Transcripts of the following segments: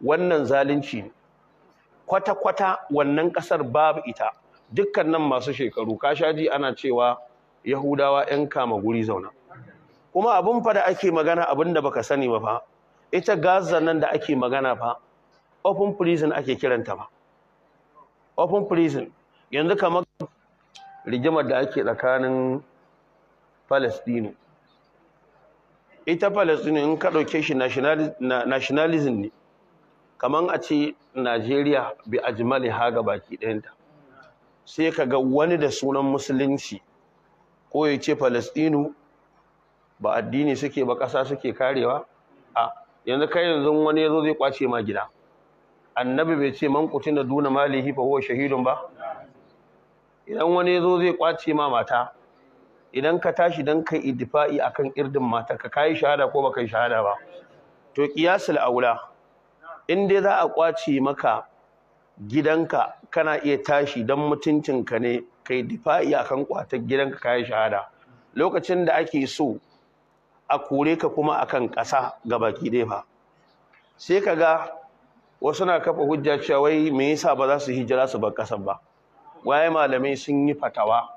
wannan zalunci ne kwata-kwata wannan ƙasar babu ita dukkanin masu shekaru kashaji ana cewa yahudawa 'yan kama guri zauna kuma abin fa da ake magana abin da baka sani ba fa ita gaza nan da ake magana fa open prison ake kiranta ba open prison yanzu kamar rigimar da ake tsakanin palestino ita palestino in ka ɗauke shi nationalism ne kaman a ce Najeriya bi ajmali ha ga baki ɗayanta sai kaga wani da sunan musulunci ko ya ce Falastinu ba addini suke ba ƙasa suke karewa a yanzu kai yanzu wani yazo zai kwace ma gida annabi bai ce man da duna malihi fa huwa shahidun ba idan wani yazo zai kwace ma mata idan ka tashi dan kai idfa'i akan irdin mata ka kai shahada ko ba baka shahada ba to qiyasul aula in dai za a kwace maka gidanka kana iya tashi don mutuncinka ne kai difa'i akan kwatar gidanka kayan shahada lokacin da ake so a kore ka kuma akan ƙasa ga baki ɗaya fa sai ka ga wasu na kafa hujja cewa wai me yasa ba za su hijira su bar ƙasar ba waye malamai sun yi fatawa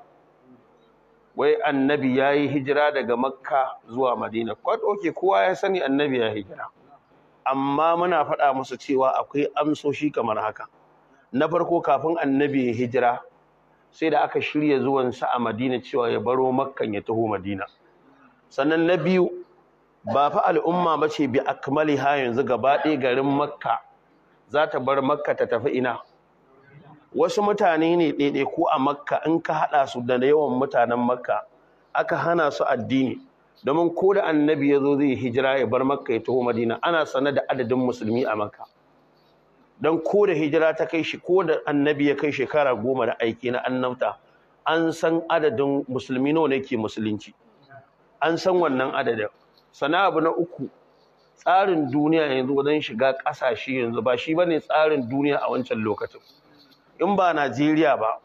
wai annabi ya yi hijira daga makka zuwa madina kwat oke kowa ya sani annabi ya hijira amma muna faɗa musu cewa akwai amsoshi kamar haka na farko kafin annabi ya hijira sai da aka shirya zuwan zuwansa a madina cewa ya baro makkan ya taho madina sannan na biyu ba fa al'umma ba ce bi akmali ha yanzu gaba ɗaya garin makka za ta bar makka ta tafi ina wasu mutane ne ɗaiɗai ko a makka in ka haɗa su da yawan mutanen makka aka hana su addini domin ko da annabi ya zo zai hijira ya bar makka ya taho madina ana sane da adadin musulmi a makka don ko da hijira ta kai shi ko da annabi ya kai shekara goma da aiki na annabta an san adadin musulmi nawa ne ke musulunci an san wannan adadin sana abu na uku tsarin duniya yanzu wajen shiga ƙasashe yanzu ba shi bane tsarin duniya a wancan lokacin in ba Najeriya ba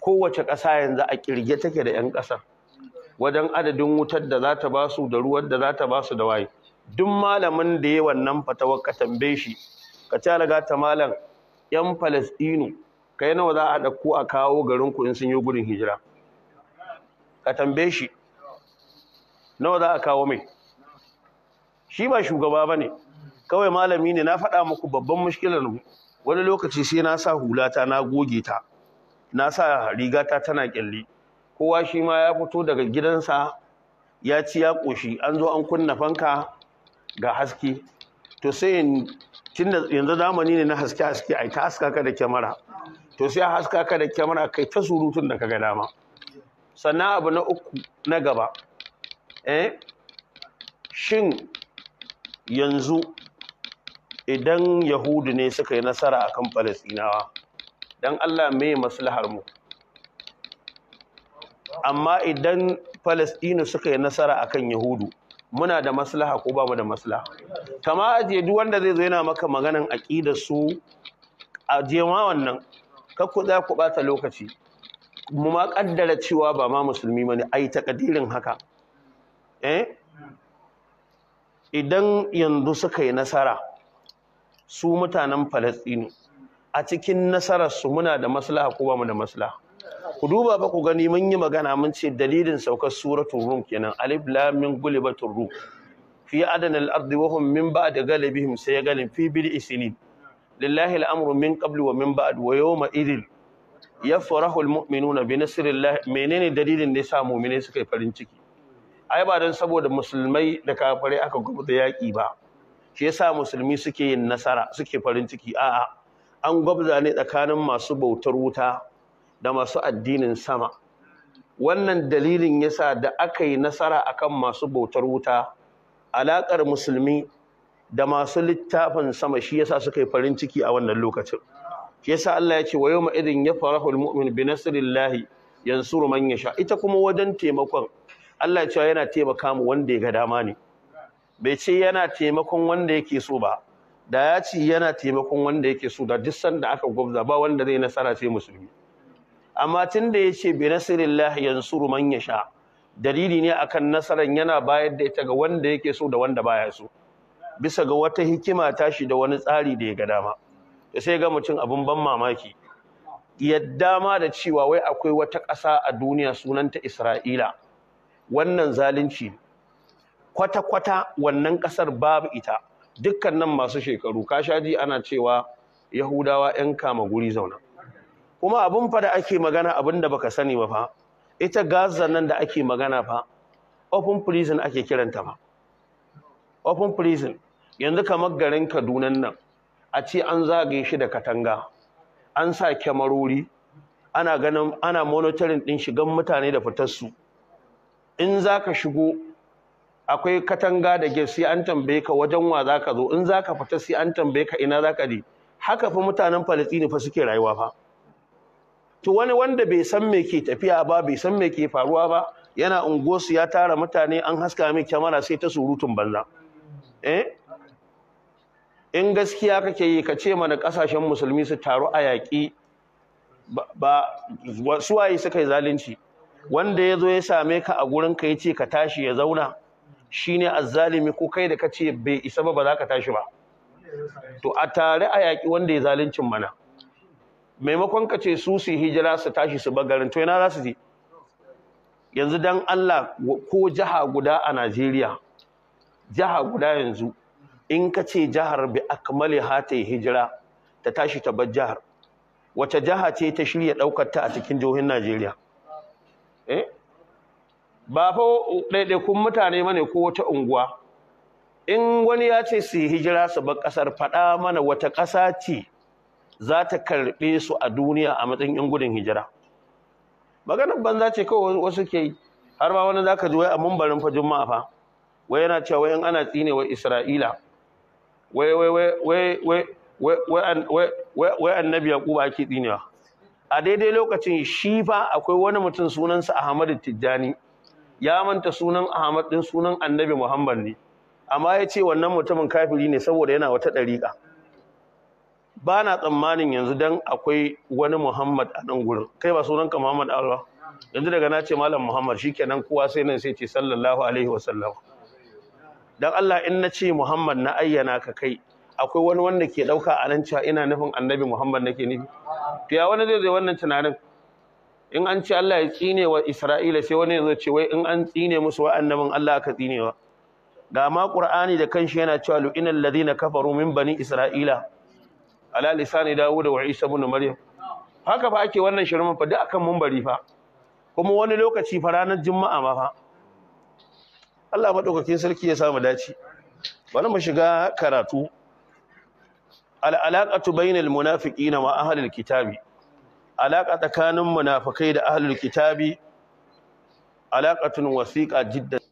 kowace ƙasa yanzu a kirge take da 'yan ƙasa wajen adadin wutar da za ta ba su da ruwan da za ta ba su da waye duk malamin da ya wannan fatawar ka tambaye shi ka ci alaga ta malam yan Falasɗinu, kai nawa za a ɗauko a kawo garin ku in sun yi gudun hijira ka tambaye shi nawa za a kawo mai shi ba shugaba ba ne kawai malami ne na faɗa muku babban mushkilar mu wani lokaci sai na sa hulata na goge ta na sa rigata tana ƙyalli kowa shi ma ya fito daga gidansa ya ci ya ƙoshi an zo an kunna fanka ga haske to sai yanzu zamani ne na haske-haske ai ta haska ka da kyamara to sai haska ka da kyamara kai ta surutun da ka ga dama sannan abu na uku na gaba eh shin yanzu idan yahudu ne suka yi nasara akan falasinawa Dan allah mai maslahar mu amma idan Falasɗinu suka yi nasara a kan Yahudu muna da maslaha ko ba mu da maslaha kama ajiye duk wanda zai zai na maka maganan aƙidarsu su aje ma wannan kar za ku bata lokaci mu ma ƙaddara cewa ba ma musulmi a ai takadirin haka eh idan yanzu suka yi nasara su mutanen Falasɗinu a cikin nasararsu muna da maslaha ko ba mu da maslaha ku duba ba ku gani mun yi magana mun ce dalilin saukar suratul rum kenan alif lam min gulibatul rum fi adana ardi wa hum min ba'd galibihim sayagalin fi bil isnin lillahi al'amru min qabli wa min ba'd wa yawma idil yafrahu al-mu'minuna bi nasrillah menene dalilin da yasa mu'mine suka yi farin ciki ai ba dan saboda musulmai da kafirai aka da yaki ba shi yasa musulmi suke yin nasara suke farin ciki a'a an gwabza ne tsakanin masu bautar wuta da masu addinin sama wannan dalilin yasa da aka yi nasara akan masu bautar wuta alaƙar musulmi da masu littafin sama shi yasa suka yi farin ciki a wannan lokacin shi yasa Allah ya ce wa yawma idin farahu almu'min bi nasrillahi yansuru man yasha ita kuma wajen taimakon Allah ya ce yana taimaka mu wanda ya ga dama ne bai ce yana taimakon wanda yake so ba da ya ce yana taimakon wanda yake so da duk sanda aka gwabza ba wanda zai nasara sai musulmi amma tun da ya ce bi nasirillahi yansuru man yasha dalili ne akan nasarar yana bayar da ita ga wanda yake so da wanda baya so bisa ga wata hikima tashi da wani tsari da ya ga dama da sai ga mutum abin ban mamaki yadda ma da cewa wai akwai wata ƙasa a duniya sunanta Isra'ila wannan zalunci kwata-kwata wannan ƙasar babu ita dukkan nan masu shekaru kashaji ana cewa Yahudawa 'yan kama guri zauna kuma abin fa da ake magana abin da baka sani ba fa ita gaza nan da ake magana fa open prison ake kiranta fa open prison yanzu kamar garin Kaduna nan a ce an zage shi da katanga an sa kyamarori ana ganin ana monitoring din shigan mutane da fitar su in zaka shigo akwai katanga da gate sai an tambaye ka wajen wa zaka zo in zaka fita sai an tambaye ka ina zaka je haka fa mutanen Palestine fa suke rayuwa fa to wani wanda bai san me ke tafiya ba bai san me ke faruwa ba yana unguwarsu ya tara mutane an haska mai kyamara sai ta surutun banza eh in gaskiya kake yi ka ce mana kasashen musulmi su taru a yaƙi ba suwaye suka yi zalunci wanda ya zo ya same ka a gurin ka ya ce ka tashi ya zauna shine azzalimi ko kai da ka ce bai isa ba ba za ka tashi ba to a tare a yaƙi wanda ya zaluncin mana maimakon ka ce su su hijira su tashi su bagarin to yana za su je yanzu dan Allah ko jiha guda a Najeriya jiha guda yanzu in ka ce jihar bi akmali hata hijira ta tashi ta bar jihar wace jiha ce ta shirya daukar ta a cikin jihohin Najeriya eh ba fa kun mutane mane ko wata unguwa in wani ya ce su hijira su bar ƙasar faɗa mana wata ƙasa ce za ta karɓe su a duniya a matsayin yan gudun hijira maganar banza ce kawai wasu ke yi har ma wani zaka ji wai a mumbarin fa juma'a fa wai yana cewa wai in ana tsine wa isra'ila wai wai wai wai wai wai annabi yaquba ake tsinewa a daidai lokacin shi fa akwai wani mutum sunansa ahmadu tijjani ya manta sunan ahmad din sunan annabi muhammad ne amma ya ce wannan mutumin kafiri ne saboda yana wata ɗarika. ba na tsammanin yanzu dan akwai wani Muhammad a nan gurin kai ba sunanka Muhammad Alwa yanzu daga na ce malam Muhammad shikenan kowa sai nan sai ce sallallahu alaihi wasallam dan Allah in na ce Muhammad na ayyana ka kai akwai wani wanda ke dauka a nan cewa ina nufin Annabi Muhammad nake nufi to ya wani zai zai wannan tunanin in an ce Allah ya tsine wa Isra'ila sai wani zai ce wai in an tsine musu wa annabin Allah aka tsinewa ga ma Qur'ani da kanshi yana cewa lu'inal ladina kafaru min bani Isra'ila ala lisani dawud wa isa ibn maryam haka fa ake wannan shirman fa duk akan munbari fa kuma wani lokaci fa ranar juma'a ma fa Allah madaukakin sarki ya samu dace bari mu shiga karatu al'alaqatu bainal munafiqina wa ahlil kitabi alaqa tsakanin munafikai da ahlul kitabi alaqatun wasiqa jiddan